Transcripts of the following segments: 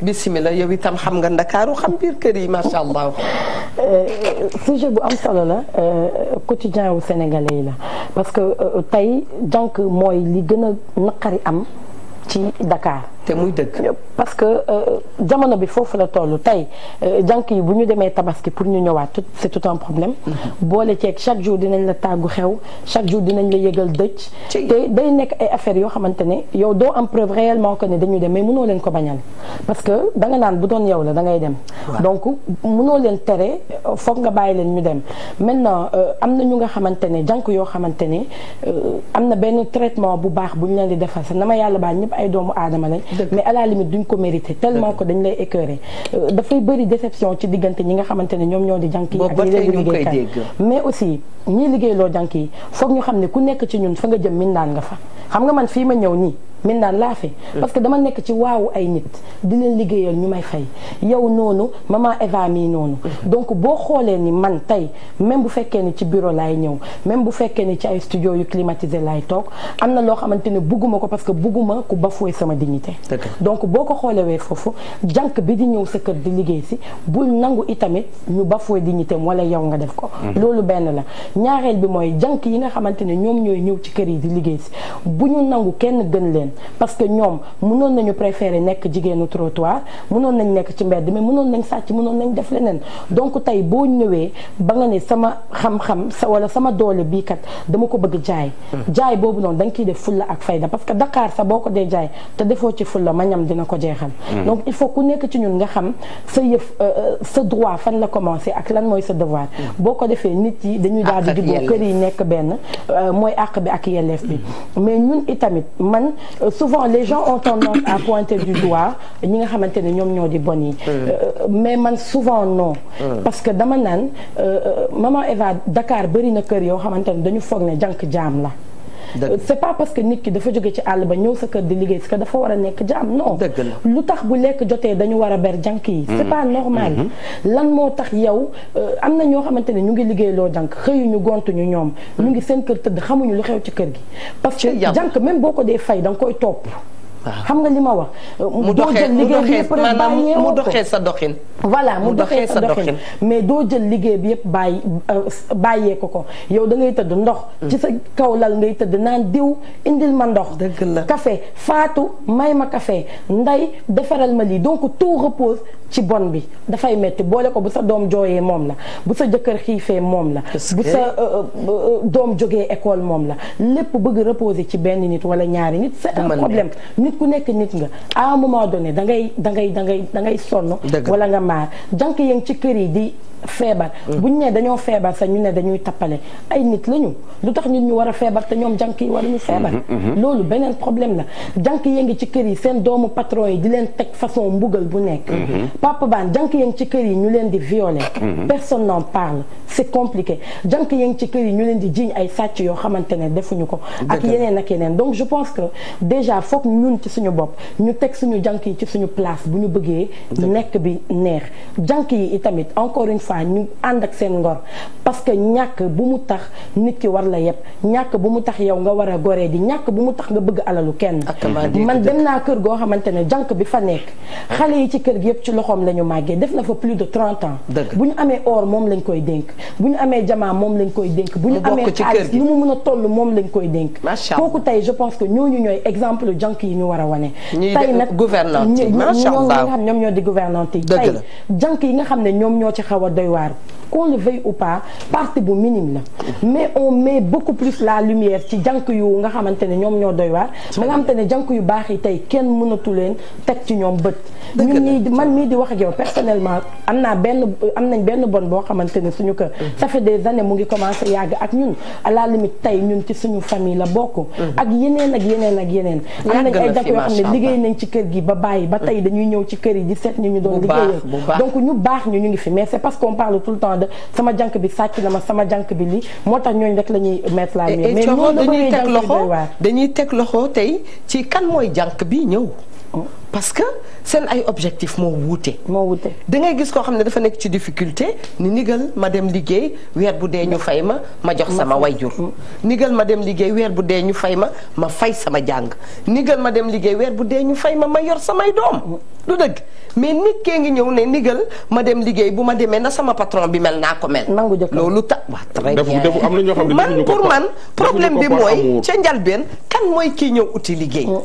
bisimilah yow itam xam nga ndakaaru xam biir kër yi macha allah. Euh, sujet bu am solo la euh, quotidien wu sénégalais yi la parce que euh, tey jànk mooy li gën a naqari am ci Dakar. te muy dëgg. parce que euh, jamono bi foofu la toll tey euh, jànk yi bu ñu demee tabaski pour ñu ñëwaat c'est tout un problème. Mm-hmm. boole ceeg chaque jour dinañ la tàggu xew chaque jour dinañ la yëgal dëj. te day nekk ay affaires yoo xamante ne yow doo am preuve que ne dañu dem mais mënoo leen ko bañal parce que danga naan bu doon yow la dangay dem. donc mënoo leen tere foog nga bàyyi leen ñu dem maintenant euh, am na ñu nga xamante ne jànk yoo xamante ne am na benn traitement bu baax bu ñu leen di defal sax na ma yàlla baal ñëpp ay doomu aadama lañ. mais à la limite duñ ko mérité tellement que dañ lay écœuré euh, dafay bëri déception ci diggante ñi nga xamante ne ñoom ñoo di jànk yi ak ñi leen liggéey mais aussi ñii liggéey loo jànk yi foog ñu xam ne ku nekk ci ñun fa nga jëm naan nga fa xam nga man fii ma ñëw nii min daan laa mm. parce que dama nekk ci waawu ay nit di leen liggéeyal ñu may fay yow noonu ma ma mii noonu mm. donc boo xoolee ni man tey même bu fekkee ni ci bureau laay ñëw même bu fekkee ni ci ay studio yu climatisé lay toog am na loo xamante ne bugguma ko parce que bugguma ku bafoué sama dignité donc boo ko xoolewee foofu jànk bi di ñëw sa kër di liggéey si bu nangu itamit ñu bafoué dignité wala yow nga def ko mm-hmm. loolu benn la ñaareel bi mooy jànk yi nga xamante ne ñoom ñooy ñëw ci kër yi di liggéey si bu ñu nangu kenn gën leen jigéen parce que ñoom mënoon nañu préférer nekk jigéenu trottoir mënoon nañ nekk ci mbedd mais mënoon nañ sàcc mënoon nañ def leneen donc tey boo ñëwee ba nga ne sama xam-xam sa wala sama doole bii kat dama ko bëgg jaay jaay boobu noonu dañ kiy def fulla ak fayda parce que daqaar sa boo ko dee jaay te defoo ci fulla ma ñam dina ko jeexal hmm. donc il faut ku nekk ci ñun nga xam sa yëf euh, euh, sa droit fan la commencé ak lan mooy sa devoir hmm. boo ko defee nit yi dañuy daal di diggoo yi nekk benn euh, mooy àq bi ak yelleef bi hmm. mais Euh, souvent les gens ont tendance à pointer du doigt ñi nga xamante ne ñoom ñoo di bon yi euh, mais man souvent non parce que dama naan euh, maman Eva dakaar bëri na kër yoo xamante ne dañu foog ne jànk jaam la Euh, c'est pas parce que nit ki dafa jóge ci àll ba ñëw sa kër di liggéey si que dafa war a nekk jaam non lu tax bu lekk jotee dañu war a ber jànk yi c'est mm-hmm. pas normal mm-hmm. lan moo tax yow euh, am na ñoo xamante ne ñu ngi liggéey loo jànk xëyuñu gontuñu ñoom mm-hmm. ñu ngi seen kër tëdd xamuñu lu xew ci kër gi parce que jànk même boo ko dee fay danga koy topp xam nga li ma wax. mu doxee mu doxee maanaam mu sa doxin. voilà mu doxee sa mais doo jël liggéey bi yëpp bàyyi euh, bàyyee ko ko yow da ngay tëdd ndox. Mm. ci sa kaw lal ngay tëdd naan diw indil ma ndox. dëgg la café faatu may ma kafe nday defaral ma lii donc tout repose ci bon bi dafay metti boole ko bu sa doom jooyee moom la bu sa jëkkër xiifee moom la. bu sa euh, euh, doom jógee école moom la lépp bëgg reposer ci benn nit wala ñaari nit. c'est problème. ku nekk nit nga amu un moment dangay dangay dangay da ngay da wala nga maar jànk yéen ci kër yi di feebar ñu nee dañoo feebar sax ñu ne dañuy tappale ay nit la ñu lu tax ñun ñu war a feebar te ñoom jànk yi ñu feebar mm-hmm, mm-hmm. loolu beneen problème la jànk yee ngi ci kër yi seen doomu patron yi di leen teg façon mbugal bu nekk mm-hmm. Papa Bane jànk yee ngi ci kër yi ñu leen di violer personne n'en parle c'est compliqué jànk yee ngi ci kër yi ñu leen di jiiñ ay sàcc yoo xamante ne defuñu ko ak yeneen ak yeneen donc je pense que déjà foog ñun ci suñu bopp ñu teg suñu jànk yi ci suñu place bu ñu bëggee nekk bi neex jànk yi itamit encore une fois ñu ànd ak seen ngor parce que ñàkk bu mu tax nit ki war la yëpp ñàkk bu mu tax yow nga war a goree di ñàkk bu mu tax nga bëgg alalu kenn man dem naa kër goo xamante ne jànq bi fa nekk xale yi ci kër gi yëpp ci loxoom lañu màggee def na fa plus de 30 ans bu ñu amee or moom lañ koy dénk bu ñu amee jamaa moom lañ koy dénk bu ñu amee xaalis lu mu mën a toll moom lañ koy dénk kooku tey je pense que ñooñu ñooy exemple jànq yi ñu war a wane tey nag gouvernante ñoo nga xam ñoom ñoo di gouvernante yi tey jànq a doy waar qu'on le veuille ou bu minime la mais on met beaucoup plus la lumière ci jànk yu nga xamante ne ñoom ñoo doy waar ba nga xamante ne jànk yu baax yi tey kenn mënatu leen teg ci ñoom bët ñun di man mii di wax ak yow personnellement am naa benn nañ benn bon boo xamante ne suñu kër mm-hmm. ça fait des années mu ngi commencé yàgg ak ñun à la limite tey ñun ci suñu famille la bokk mm-hmm. ak yeneen ak yeneen ak yeneen am nañ ay jànk yoo xam ne liggéey nañ ci kër gi ba bàyyi ba tey dañuy ñëw ci kër yi seet ñu sama jànk bi sàcc na ma sama jànk bi lii moo tax ñooñu rek la ñuy mettre la eh, eh, mais dañuy teg loxo dañuy teg loxo tey ci kan mooy jànk bi ñëw parce que seen ay objectif moo wuute. moo wuute da ngay gis koo xam ne dafa nekk ci difficulté ni nigal ma dem liggéey weer bu dee ñu fay ma ma jox sama wayjur mm. nigal ma dem liggéey weer bu dee ñu fay ma ma fay sama jàng nigal ma dem liggéey weer bu dee ñu fay ma ma yor samay doom lu mm. dëgg mais nit ngi ñëw ne nigal ma dem liggéey bu ma demee na sama patron bi mel naa ko mel loolu ta waa très bien man pour man problème bi mooy ca njalbeen kan mooy kii ñëw uti liggéey mm.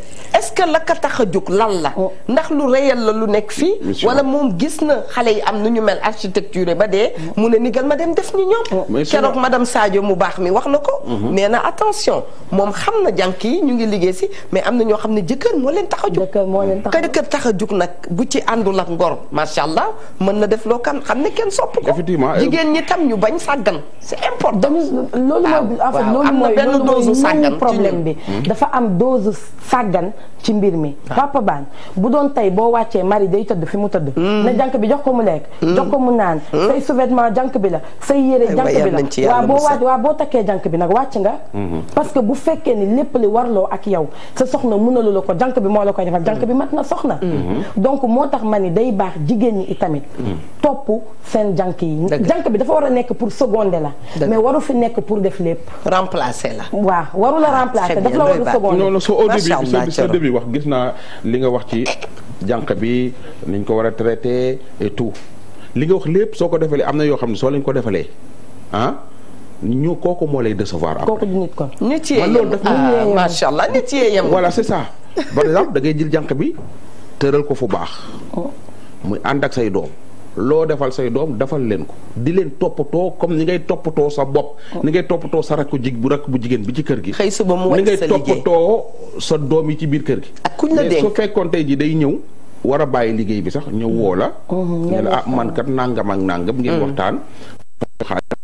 que la ka tax a jóg lan la. Oh. ndax lu réel la lu nekk fii. wala moom gis na xale yi am nu ñu mel architecture ba dee. Oh. mu ne nigal ma dem def ni ñoom. Oh. ma dem Sadio mu baax mi wax na ko. Mhm. nee na attention moom xam na jànk yi ñu ngi liggéey si mais am na ñoo xam ne jëkkër moo leen tax a jóg. jëkkër moo leen tax a jóg tax a jóg nag bu ci àndul ak ngor macha allah mën na def loo kan xam ne kenn sopp ko. effectivement jigéen ñi tam ñu bañ sàggan c'est important. loolu mooy ah, en fait loolu mooy loolu mooy problème bi mhm. dafa am dose sàggan ci mbir mi ah. papa baan bu doon tey boo wàccee mari day tëdd fi mu tëdd hmm. na jànk bi jox ko mu lekk hmm. jox ko mu naan hmm. say sous-vêtement bi la say yére jànk bi la waaw boo wàcc boo takkee jànk bi nag wàcc nga parce que bu fekkee ni lépp li warloo ak yow sa soxna mënalu la ko jànk bi moo la koy defal jànk bi mat na soxna donc moo tax ma ni day baax jigéen ñi itamit topp seen jànk yi jànk bi dafa war a nekk pour seconder la mais waru fi nekk pour def lépp remplacer la waaw waru la ah, remplacer daf la war a seconder wax gis naa li nga wax ci jànq bi niñ ko war a traité et tout li nga wax lépp soo ko defalee am na yoo xam ne soo lañ ko defalee ah ñu kooku moo lay décevoir. après kooku du nit kon. nit yee yem macha ah, allah nit yee yem voilà c'est ça par exemple da ngay jël jànq bi tëral ko fu baax. Oh. muy ànd ak say doom. loo defal say doom defal leen ko di leen toppatoo comme ni ngay toppatoo sa bopp. ni ngay toppatoo sa rakku jig bu rakk bu jigéen bi ci kër gi. xëy suba mu wàcc sa liggéey ni ngay toppatoo sa doom yi ci biir kër gi. ak kuñ la su fekkoon tey ji day ñëw. war a bàyyi liggéey bi sax ñëw woo la. Oh. ne la ah man kat nangam ak nangam. ngeen mm. waxtaan.